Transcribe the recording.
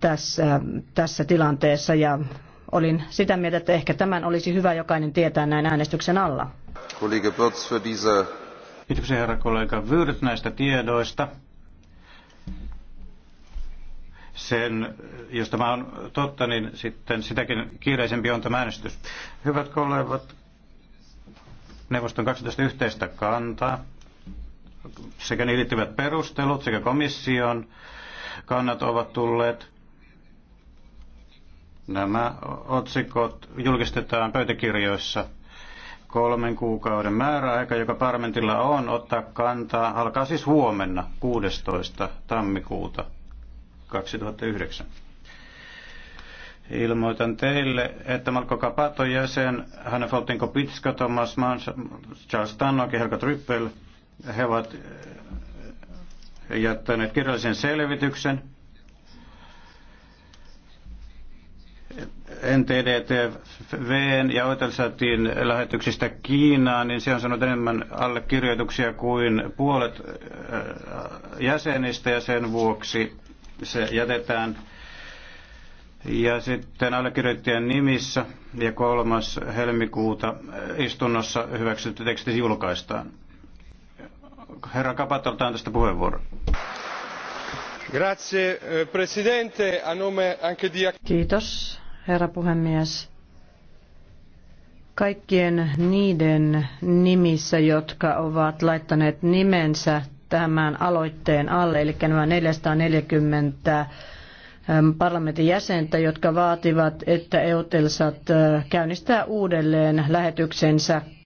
tässä, tässä tilanteessa ja olin sitä mieltä, että ehkä tämän olisi hyvä jokainen tietää näin äänestyksen alla. für diese... Kiitoksia herra kollega Wyrt näistä tiedoista. Sen, jos tämä on totta, niin sitten sitäkin kiireisempi on tämä äänestys. Hyvät kollegat, neuvoston 12 yhteistä kantaa sekä niihin liittyvät perustelut sekä komission kannat ovat tulleet. Nämä otsikot julkistetaan pöytäkirjoissa. Kolmen kuukauden määräaika, joka parlamentilla on ottaa kantaa, alkaa siis huomenna 16. tammikuuta 2009. Ilmoitan teille, että Marko Kapaton jäsen, Hanna Foltinko Pitska, Thomas Mans, Charles Tannock ja Helga Tryppel, he ovat jättäneet kirjallisen selvityksen NTDTVn ja Oitelsatin lähetyksistä Kiinaan, niin se on saanut enemmän allekirjoituksia kuin puolet äh, jäsenistä ja sen vuoksi se jätetään. Ja sitten allekirjoittajien nimissä ja kolmas helmikuuta istunnossa hyväksytty teksti julkaistaan. Herra Kapatolta on tästä puheenvuoro. Grazie, eh, presidente. A nome anche di... Kiitos, herra puhemies kaikkien niiden nimissä, jotka ovat laittaneet nimensä tämän aloitteen alle, eli nämä 440 eh, parlamentin jäsentä, jotka vaativat, että Eutelsat eh, käynnistää uudelleen lähetyksensä